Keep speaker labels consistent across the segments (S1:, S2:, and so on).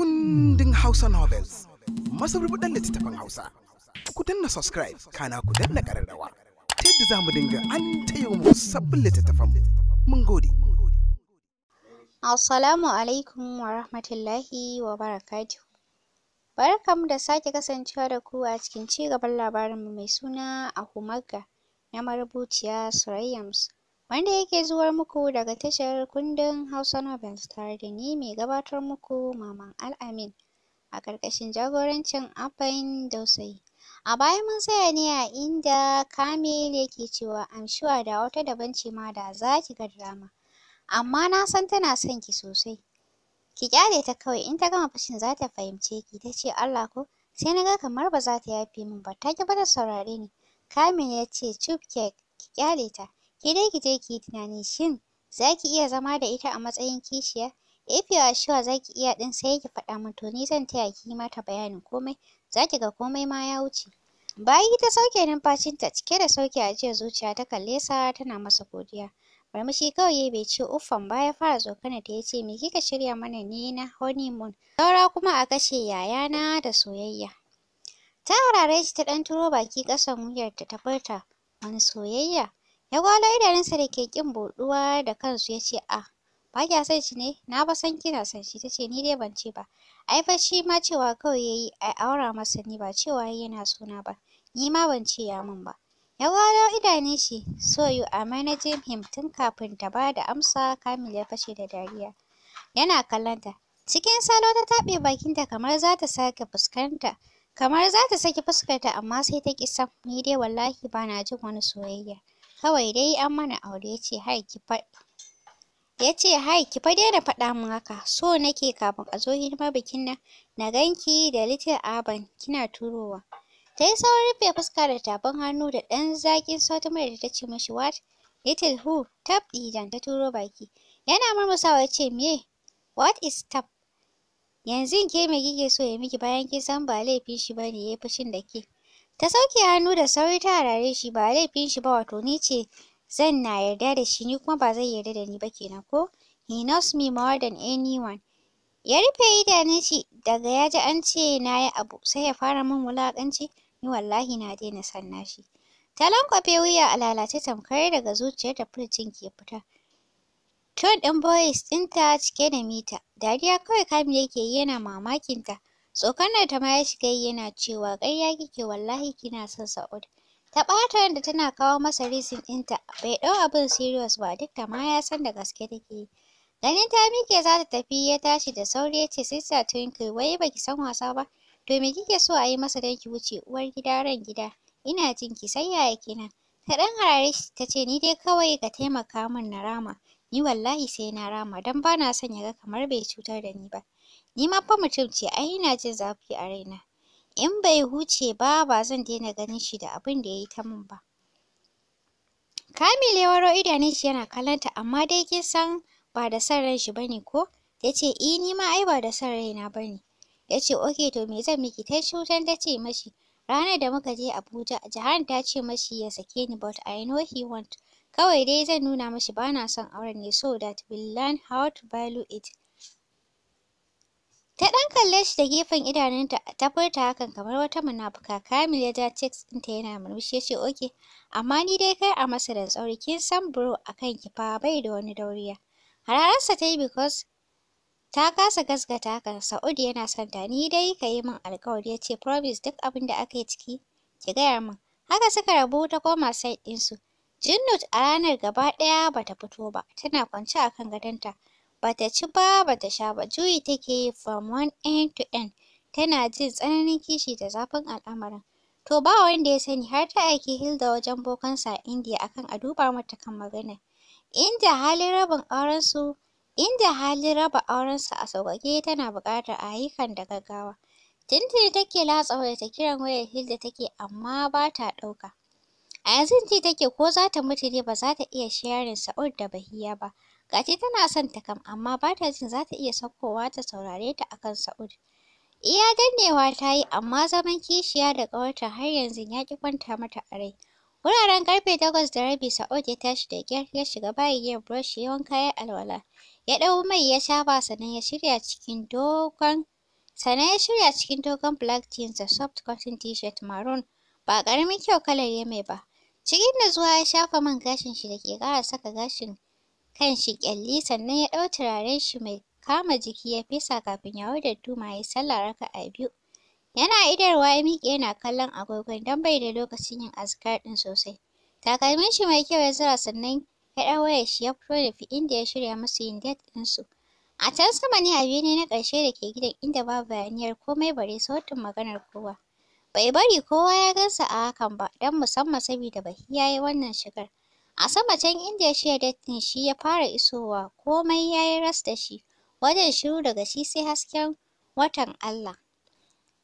S1: kundin Hausa Novels, Masu masarubuɗan littattafan Hausa. Ku danna subscribe, kana ku danna ƙararrawa. Ta yadda za mu dinga an tayo mu sabbin littattafan mun gode. Assalamu alaikum wa rahmatullahi wa barakatuhu. Barkamu da sake kasancewa da ku a cikin ci gaban mu mai suna Ahumaga na marubuciya Surayyams. wanda yake zuwar muku daga tashar kundin Hausa Novels tare da ni mai gabatar muku Maman Al'amin a ƙarƙashin jagorancin abin Dausayi. A baya mun tsaya ne a inda Kamil yake cewa I'm sure da wata daban ce ma da za ki ga drama, amma na san tana son ki sosai. Ki ƙyale ta kawai in ta gama fashin za ta fahimce ki, ta ce Allah ko sai na ga kamar ba za ta yafe min ba, ta ƙi ba ta saurare ni. Kamil ya ce cake ki ƙyale ta. Ki dai ki je ki yi tunani shin za ki iya zama da ita a matsayin kishiya? If you are sure za ki iya ɗin sai ki faɗa min to ni zan taya ki mata bayanin komai, Zaki ga komai ma ya wuce. Bayi ta sauke numfashinta cike da sauke ajiyar zuciya ta kalle sa tana masa godiya. Murmushi kawai ya bai ce uffan ba ya fara tsokana ta ya ce me kika shirya mana ne na honeymoon? Saura kuma a kashe yaya na da soyayya. Ta harare shi ta ɗan turo baki ƙasan wuyarta ta furta wani soyayya? Ya gwalo idanunsa da ke kin buɗuwa da kansu ya ce, "A, ah, ba kya son shi ne? Na ba san kina son shi." Ta "Ni dai ban ce ba." Ai fa shi ma cewa kawai yayi yi a aura masa ni ba cewa yana suna ba. Ni ma ban ce ya min ba. Ya gwalo idanun shi, "So you are managing him" tun kafin ta ba da amsa Kamil ya fashe da dariya. Yana kallonta. Cikin salo ta taɓe bakinta kamar za ta sake fuskanta. Kamar za ta saki fuskarta amma sai ta ƙi sam. Ni dai wallahi ba na jin wani soyayya. kawai dai an mana aure yace hai ki fa yace hai ki fa daina faɗa min haka so nake kafin a zo hidima bikin nan na ganki da little aban kina turowa tayi saurin rufe fuska da tafin hannu da ɗan zaƙin sautin murya da tace mishi what little who Tap! Idan ta turo baki yana murmusawa yace me what is tap? yanzu ke me kike so ya miki bayan kin san ba laifin shi bane yayi fushin da ke Ta sauke hannu da sauri ta harare shi ba laifin shi ba wato ni ce zan na yarda da shi ni kuma ba zai yarda da ni ba kenan ko. He knows me more than anyone. Ya rufe idanun shi daga ya ji an ce na yi abu sai ya fara min wulakanci ni wallahi na daina son shi Ta lankwafe wuya a lalace tamkar daga zuciyar ta furcin ke fita. Tone ɗin boys ɗinta cike da mita. Dariya kawai Kamil yake yi yana mamakinta. Tsokanar ta ma ya shiga yi yana cewa ya kike wallahi kina son Sa'ud. Ta ɓata da tana kawo masa reason ɗinta bai ɗau abin serious ba duk da ma ya san da gaske take yi. Ganin ta miƙe za ta tafi ya tashi da sauri ya ce sister twinkle wai baki san wasa ba to me kike so a yi masa don ki wuce uwar gida ran gida ina jin ki sai yaya kina Ta ɗan harare shi ta ce ni dai kawai ka taimaka min na rama ni wallahi sai na rama don ba na son ya ga kamar bai cutar da ni ba. Ni ma fa mutum ce ai ina jin zafi a raina. In bai huce ba ba zan daina ganin shi da abin da yayi ta min ba. Kamil ya waro idanun shi yana kallonta amma dai kin san ba da son ran shi bane ko? yace ce eh, ni ma ai ba da son raina bane. yace ce oke to me zan miki ta shutan ta ce mashi ranar da muka je Abuja Jahan ta ce mashi ya sake ni but I know he want. Kawai dai zan nuna mashi bana son auren ne so that will learn how to value it. Ta ɗan kalle shi da gefen idanunta ta furta hakan kamar wata munafuka. Kamil ya ja cheeks ɗinta yana murmushi ya ce oke. Amma ni dai kai a masa da tsauri kin san bro a kan ki fa bai da wani dauriya. Hararsa ta yi because ta kasa gasgata hakan Sa'ud yana son ta ni dai ka yi min alkawari ya ce promise duk abin da aka yi ciki ki gaya min. Haka suka rabu ta koma side ɗinsu. Jinnut a ranar gaba ɗaya bata fito ba tana kwance a kan gadonta. bata ci ba bata sha ba juyi take yi from one end to end tana jin tsananin kishi da zafin al'amarin to ba wanda ya sani har ta aiki Hilda wajen bokansa a India akan a duba mata kan magana. inda halin rabin auren inda halin raba auren a sauƙaƙe tana buƙatar a yi kan da gaggawa tuntuni take latsa wayar ta kiran wayar Hilda take amma ba ta ɗauka a yanzu ji take ko zata mutu ne ba za ta iya sharing Sa'ud da Bahiya ba Gati tana son ta kam amma ba ta jin za ta iya saukowa ta saurare ta akan Sa'ud. Iya dannewa ta yi amma zaman kishiya da ƙawarta har yanzu ya ƙi kwanta mata a rai. Wuraren ƙarfe takwas da rabi Sa'ud ya tashi da ƙyar ya shiga bayi ya brush ya wanka ya alwala. Ya ɗau mai ya shafa sannan ya shirya cikin dogon sannan ya shirya cikin dogon black jeans da soft cotton t-shirt maroon ba ƙaramin kyau kalar ya mai ba. Cikin natsuwa ya shafa man gashin shi da ke ƙara saka gashin kan shi kyalli sannan ya ɗau turaren shi mai kama jiki ya fesa kafin ya hau da duma ya sallah raka'a biyu. Yana idarwa ya miƙe yana kallon agogon don bai da lokacin yin azkar ɗin sosai. Takalmin shi mai kyau ya zura sannan ya ɗau wayar shi ya fito da fi inda ya shirya musu yin date ɗinsu. A can sama ne a bene na ƙarshe da ke gidan inda babu bayaniyar komai bare sautin maganar kowa. Bai bari kowa ya gansa a hakan ba don musamman sabida Bahiya ya wannan shigar. A sama can inda shi datin shi ya fara isowa, komai ya yi ras da shi, wajen shiru daga shi sai hasken watan Allah.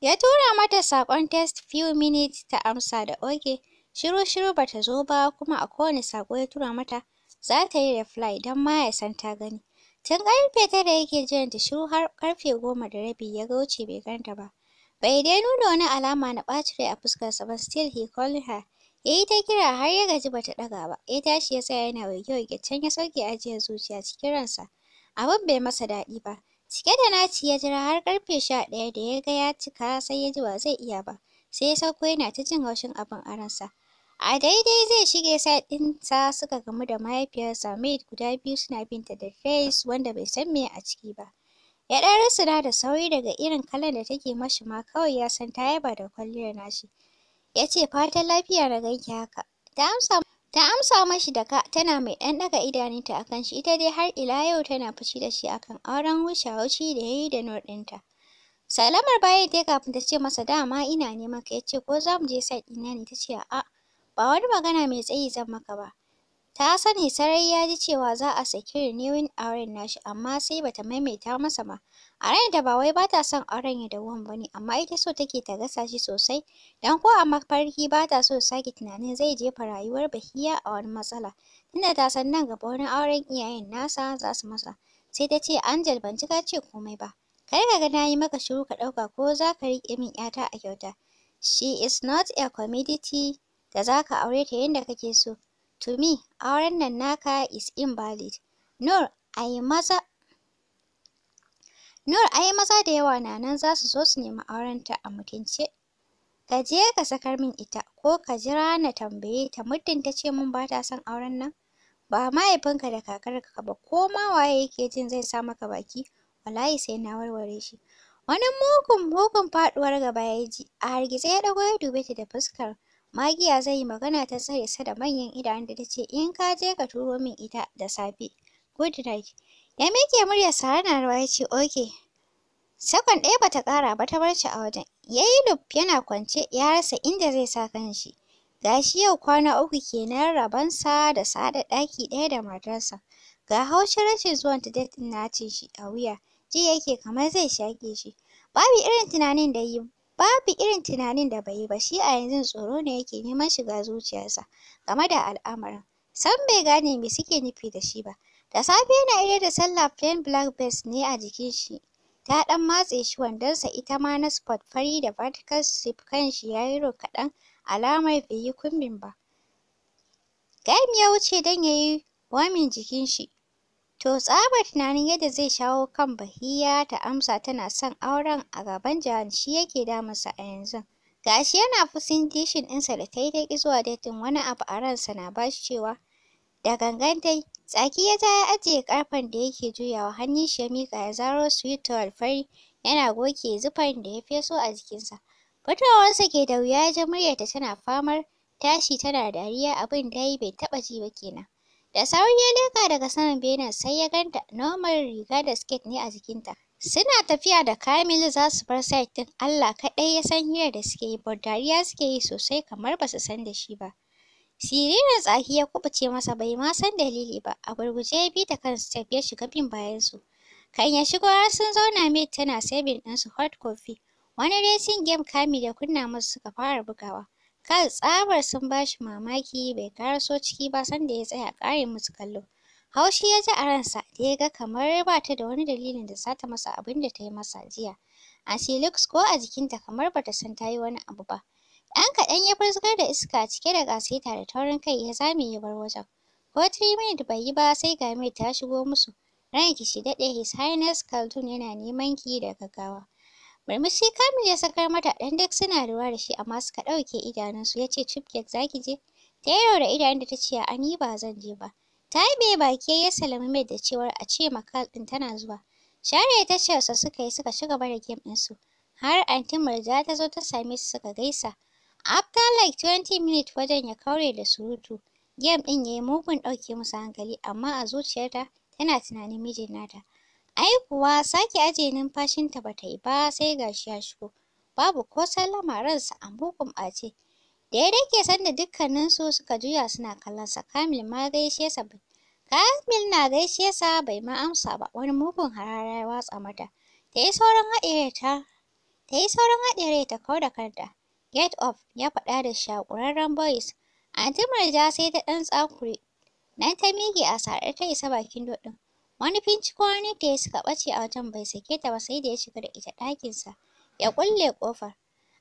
S1: Ya tura mata saƙon test few minutes ta amsa da oke, shiru-shiru ba ta zo ba kuma a kowane saƙo ya tura mata za ta yi reply don ma ya san ta gani. Tun ƙarfe tara yake jiran ta shiru har ƙarfe goma da rabi ya ga wuce bai ganta ba. Bai dai nuna wani alama na ɓacin rai a fuskarsa ba still he calling her. eh ta kira har ya gaji bata ɗaga ba. Ya tashi ya tsaya yana waige-waige can ya sauke ajiyar zuciya cikin ransa. Abun bai masa daɗi ba. Cike da naci ya jira har ƙarfe sha ɗaya da ya ga ya cika sai ya ji ba zai iya ba. Sai ya sauko yana ta jin haushin abun a ransa. A daidai zai shige sa suka gamu da mahaifiyarsa mai guda biyu suna binta da Face wanda bai san me a ciki ba. Ya ɗan rusuna da sauri daga irin kalan da take mashi ma kawai ya san ta yaba da kwalliyar nashi. ya ce fatan lafiya na ganki haka. Ta amsa mashi da ka tana mai ɗan ɗaga idanunta a kan shi ita dai har ila yau tana fushi da shi akan auren wuce-wuce da ya yi da Nur ɗinta. Salamar baya dai kafin ta ce masa dama ina neman ka ya ce ko za mu je site na ne ta ce A. ba wani magana mai tsayi zan maka ba. Ta sani sarai ya ji cewa za a saki renewing auren nashi amma sai bata maimaita masa ba A da ba wai ba ta son auren ya wan ba ne, amma ita so take ta gasa shi sosai, Dan ko a mafarki ba ta so sake tunanin zai jefa rayuwar Bahiya a wani matsala, tunda ta san nan gaba wani auren iyayen nasa za su masa. Sai ta ce, Angel ban ji ka ce komai ba, kar ka ga na yi maka shiru ka ɗauka ko za ka riƙe min 'yata a kyauta. She is not a commodity da za ka aure ta yadda kake so. To me, auren nan naka is invalid. No, I must maza Nur ai maza da yawa na nan za su zo su nemi aurenta a mutunce. Ka je ka sakar min ita ko ka jira na tambaye ta muddin ta ce mun ba ta son auren nan. Ba mahaifinka da kakarka ba ko ma waye yake jin zai sa maka baki wallahi sai na warware shi. Wani mugun mugun faɗuwar gaba ya ji a hargitse ya dago ya dube ta da fuskar magiya zai yi magana ta tsare sa da manyan idanun da ta ce in ka je ka turo min ita da safe. Good night. Ya miƙe murya sarana na rawa ya ce oke. Sakon ɗaya bata ƙara ba ta bar shi a wajen. Ya yi luf yana kwance ya rasa inda zai sa kanshi. Ga shi yau kwana uku kenan rabonsa da sada ɗaki ɗaya da matarsa. Ga haushin rashin zuwan ta date na ce shi a wuya. Ji yake kamar zai shaƙe shi. Babu irin tunanin da yi babu irin tunanin da bai yi ba shi a yanzu tsoro ne yake neman shiga zuciyarsa game da al'amarin. Sam bai gane me suke nufi da shi ba. Da safe yana idar da sallah plain black vest ne a jikin shi. Ta dan matse shi wandonsa ita ma na sport fari da vertical strip shi ya yi kaɗan alamar bai yi kumbin ba. game ya wuce dan yayi yi wamin jikin shi. To tsabar tunanin yadda zai shawo kan Bahiya ta amsa tana son auren a gaban Jahan shi yake damunsa a yanzu. Gashi yana fusin dishin ɗinsa da ta yi ta zuwa datin wani abu a ransa na bashi cewa da gangan dai Tsaki ya ta ya ajiye ƙarfen da yake juyawa hannun shi ya miƙa ya zaro yi ta fari yana goge zufar da ya feso a jikinsa. Fitowarsa ke da wuya ya ji muryarta tana famar tashi tana dariya abin dai bai taɓa ji ba kenan. Da sauran ya leka daga saman benen sai ya ganta Noman riga da siket ne a jikinta. Suna tafiya da Kamilu za su bar site ɗin Allah kaɗai ya san hirar da suke yi, ba dariya suke yi sosai kamar ba su san da shi ba. Siririn tsaki ya kubuce masa bai ma san dalili ba, a gurguje ya bi ta kansu tafi ya shiga bin bayansu. Kan ya shigo har sun zauna mate tana saving ɗinsu hot coffee. Wani racing game kami da kunna musu suka fara bugawa. Kan tsabar sun bashi mamaki bai karaso ciki ba sanda ya tsaya kare musu kallo. Haushi ya ji a ransa da ya ga kamar ba ta da wani dalilin da za ta masa abin da ta yi masa jiya. A looks ko a jikinta kamar bata san ta yi wani abu ba. Ɗan kaɗan ya furzgar da iska cike da ƙasaita da taurin kai ya zame ya bar wajen. Ko three bai yi ba sai ga mai ta shigo musu. Ranki shi daɗe His Highness kaltun yana neman ki da gaggawa. Murmushi Kamil ya sakar mata dan duk suna ruwa da shi amma suka ɗauke idanunsu ya ce "Zaki za je? Ta yaro da idanun da ta ce a ni ba zan je ba. Ta yi mai baki ya salami mai da cewar a ce ma ɗin tana zuwa. Share ta ce suka yi suka shiga gaba da game ɗinsu. Har Aunty Murja ta zo ta same su suka gaisa. After like 20 minutes wajen ya kaure da surutu, game ɗin yayi mugun ɗauke musu hankali amma a ta tana tunanin mijin nata. Ai kuwa sake ajiye numfashinta ba ta yi ba sai gashi ya shigo. Babu ko sallama ransa a mugun ɓace. Da ya dake sanda dukkaninsu suka juya suna kallonsa Kamil ma gaishe sa bai. Kamil na gaishe sa bai ma amsa ba wani mugun harara ya watsa mata. Ta yi sauran haɗe ta ta yi ta kau da kanta. Get off ya faɗa da shakurarren A Anti Murja sai ta ɗan tsakure. Nan ta miƙe a sarar ta isa bakin doɗin. Wani finciko wani ya suka ɓace a wajen bai sake ta ba sai da ya shiga da ita ɗakinsa. Ya ƙulle ƙofar.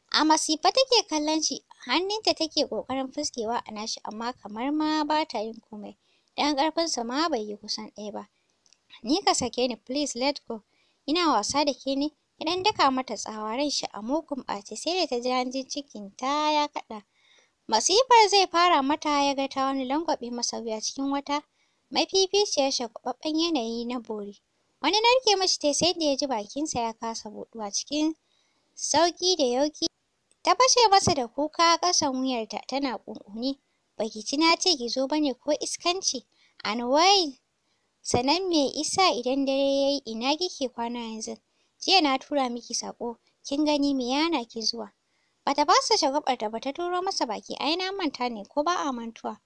S1: A masifa take kallon shi, hannunta take ƙoƙarin fuskewa a nashi amma kamar ma ba ta yin komai. Dan ƙarfinsa ma bai yi kusan ɗaya ba. Ni ka sake ni please let go. Ina wasa da ke ne. Idan daka mata tsawa ran shi a mugun ɓace sai da ta ji hanjin cikinta ya kaɗa. Masifar zai fara mata ya ga ta wani langwaɓe masa wuya cikin wata mafificiyar shagwaɓaɓɓen yanayi na bori. Wani narke mashi tai sai da ya ji bakinsa ya kasa buɗuwa cikin sauƙi da yauƙi. Ta fashe masa da kuka ƙasan wuyarta tana ƙunƙuni. Baki ci na ce ki zo ba ne ko iskanci? An wai! Sanan me isa idan dare ya yi ina kike kwana yanzu? Jiya na tura miki sako. kin gani me yana ki zuwa. Bata fasa shagwabarta ba ta turo masa baki, ai na manta ne ko ba a mantuwa.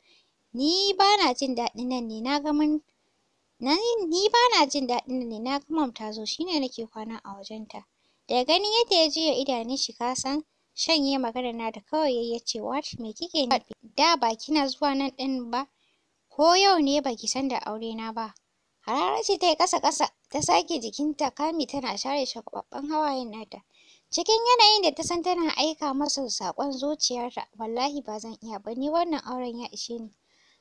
S1: Ni ba na jin daɗin nan ne, na ga mun ni ba jin daɗin nan ne, na ga mam ta zo, shi nake kwana a wajenta. Daga ganin yadda ya juya idanun shi ka san shanye maganar da kawai yayi ya what me kike ni? Da ba kina zuwa nan ɗin ba, ko yau ne baki san da aure na ba? Harara ce ta yi ƙasa-ƙasa ta sake jikinta kami tana share hawa hawayen nata. Cikin yanayin da ta san tana aika masa saƙon zuciyarta, wallahi ba zan iya ba ni wannan auren ya ishe ni.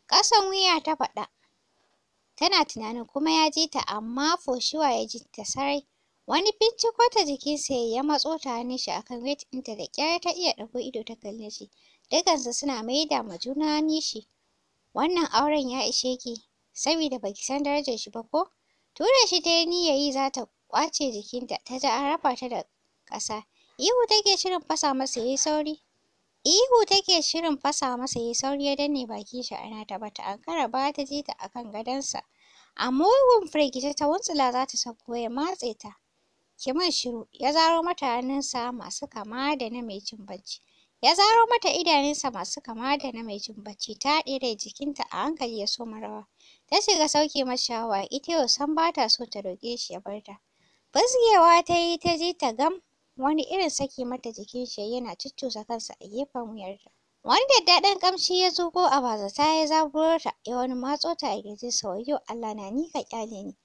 S1: Ƙasan wuya ta faɗa. Tana tunanin kuma ya ji ta amma foshiwa ya ji ta sarai. Wani binciko ta jikinsa ya matso ta hannun shi akan wet ɗinta da ƙyar ta iya ɗago ido ta kalle shi. su suna maida ma juna nishi. Wannan auren ya ishe ki. saboda baki san darajar shi ba ko tura shi ta niyya yayi yi za ta ƙwace jikinta ta ji an rafa ta da ƙasa ihu take shirin fasa masa yayi sauri ihu take shirin fasa masa yayi sauri ya danne baki shi ana ta bata ankara ba ta ji ta akan sa. a mugun firgita ta wuntsula za ta sauko ya matse ta ki min shiru ya zaro mata hannunsa masu kama da na mai cin bacci Ya zaro mata idanunsa masu kama da na mai jin bacci ta haɗe da jikinta a hankali ya soma rawa. Ta shiga sauke masa hawaye ita yau sam ba ta so ta roƙe shi ya bar ta. Fizgewa ta yi ta ji ta gam wani irin saki mata jikin shi yana cuccusa kansa a gefen wuyarta. Wani daddaɗan ƙamshi ya zuƙo a bazata ya zaburo ta ya wani matso ta a kirjinsa yau Allah na ni ka ƙyale ni.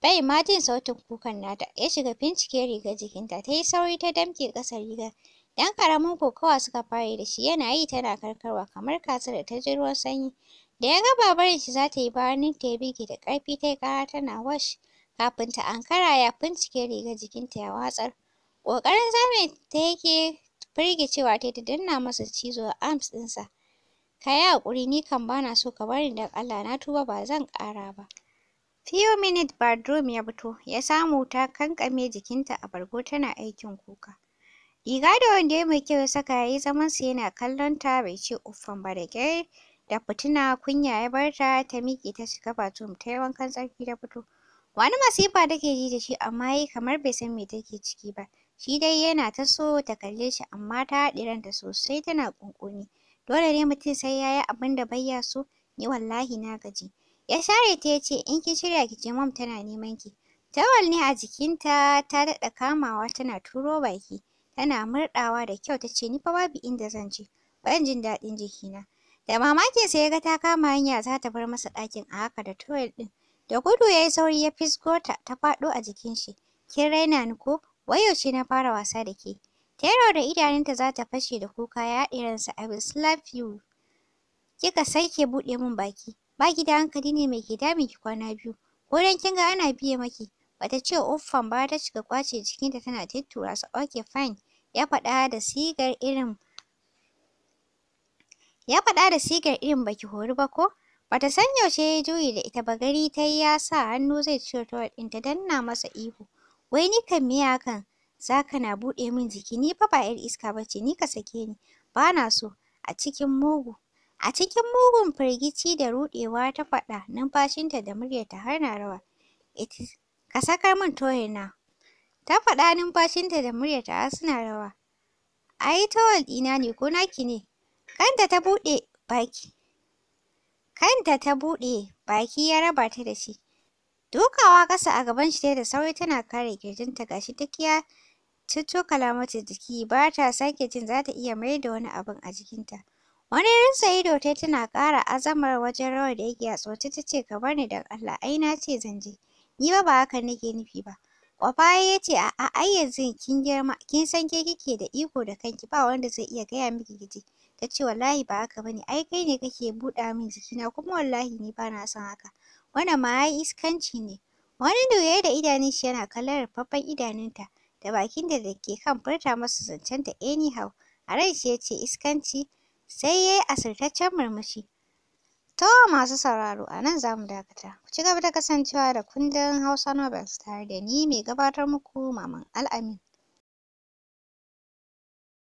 S1: Bai ma jin sautin kukan nata ya shiga bincike rigar jikinta ta yi sauri ta damƙe ƙasar rigar Yan ƙaramin kokawa suka fara da shi yana yi tana karkarwa kamar kazar da ta ji ruwan sanyi. Da ya ga ba shi za ta yi ba ta ya bige da ƙarfi ta yi ƙara tana wash. Kafin ta ankara ya fincike rigar jikinta ya watsar. Ƙoƙarin zame ta yake firgicewa ta yi ta danna masa cizo a arms ɗinsa. Ka yi haƙuri ni kam ba na so ka bari don Allah na tuba ba zan ƙara ba. Few minutes bedroom ya fito ya samu ta kankame jikinta a bargo tana aikin kuka. Riga da wando mai kyau ya saka ya yi zamansa yana kallon ta bai ce uffam ba da ƙyar da fituna kunya ya bar ta ta miƙe ta shiga bathroom ta yi wankan tsarki ta fito. Wani masifa take ji da shi amma yayi kamar bai san me take ciki ba. Shi dai yana ta so ta kalle shi amma ta haɗe ranta sosai tana ƙunƙuni. Dole ne mutum sai ya yi abin da bai ya so, ni wallahi na gaji. Ya share ta yace, in kin shirya ki je mom tana neman ki. Tawal ne a jikinta ta daɗa kamawa tana turo baki. tana murɗawa da kyau tace ni fa babu inda zan je ban jin daɗin jikina da mamakin sa yaga ta kama hanya za ta bar masa ɗakin a haka da towel ɗin da gudu yayi sauri ya fisgo ta ta faɗo a jikin shi kin raina ni ko wai yaushe na fara wasa da ke Tero da idanunta zata fashe da kuka ya haɗe ransa I will slap you kika sake buɗe min baki Ba gida hankali ne mai ke damun ki kwana biyu ko dan kin ga ana biye maki bata ce uffam ba ta shiga kwace jikinta tana tuttura su okay fine ya faɗa da sigar irin ya faɗa da sigar irin baki hori ba ko bata san yaushe ya juyi da ita ba gari ta yi ya sa hannu zai ciro ta ɗin ta danna masa ihu wai ni kan me hakan zaka na buɗe min jiki ni fa ba 'yar iska ba bace ni ka sake ni Ba na so a cikin mugu a cikin mugun firgici da ruɗewa ta faɗa numfashinta da muryarta har na rawa ka sakar min towel na Ta faɗa numfashinta da muryarta har suna rawa. Ai towel ɗina ne ko naki ne? Kanta ta buɗe baki. Kanta ta buɗe baki ya raba ta da shi. Dukawa ƙasa a gaban shi da sauri tana kare ƙirjinta gashi duk ya cuccukala mata jiki ba ta sake jin za ta iya mayar da wani abin a jikinta. Wani rinsa ido ta tana ƙara azamar wajen rawar da yake a tsoce ta ce ka bar ni don Allah ai na ce zan je. Ni ba ba haka nake nufi ba. Wafaya ya ce a ai yanzu kin girma kin san ke kike da iko da kanki ba wanda zai iya gaya miki kiji. Ta ce wallahi ba haka bane ai kai ne kake buɗa min jikina kuma wallahi ni ba na son haka. Wannan ma ai iskanci ne. Wani doye da idanun shi yana kallon rufaffen idanunta da bakin da da ke kan furta masa zancen ta anyhow. A ran shi ya ce iskanci sai ya yi asirtaccen murmushi. To masu sauraro a nan za dakata. Ku ci gaba da kasancewa da kundin Hausa Nobels tare da ni mai gabatar muku Maman Al'amin.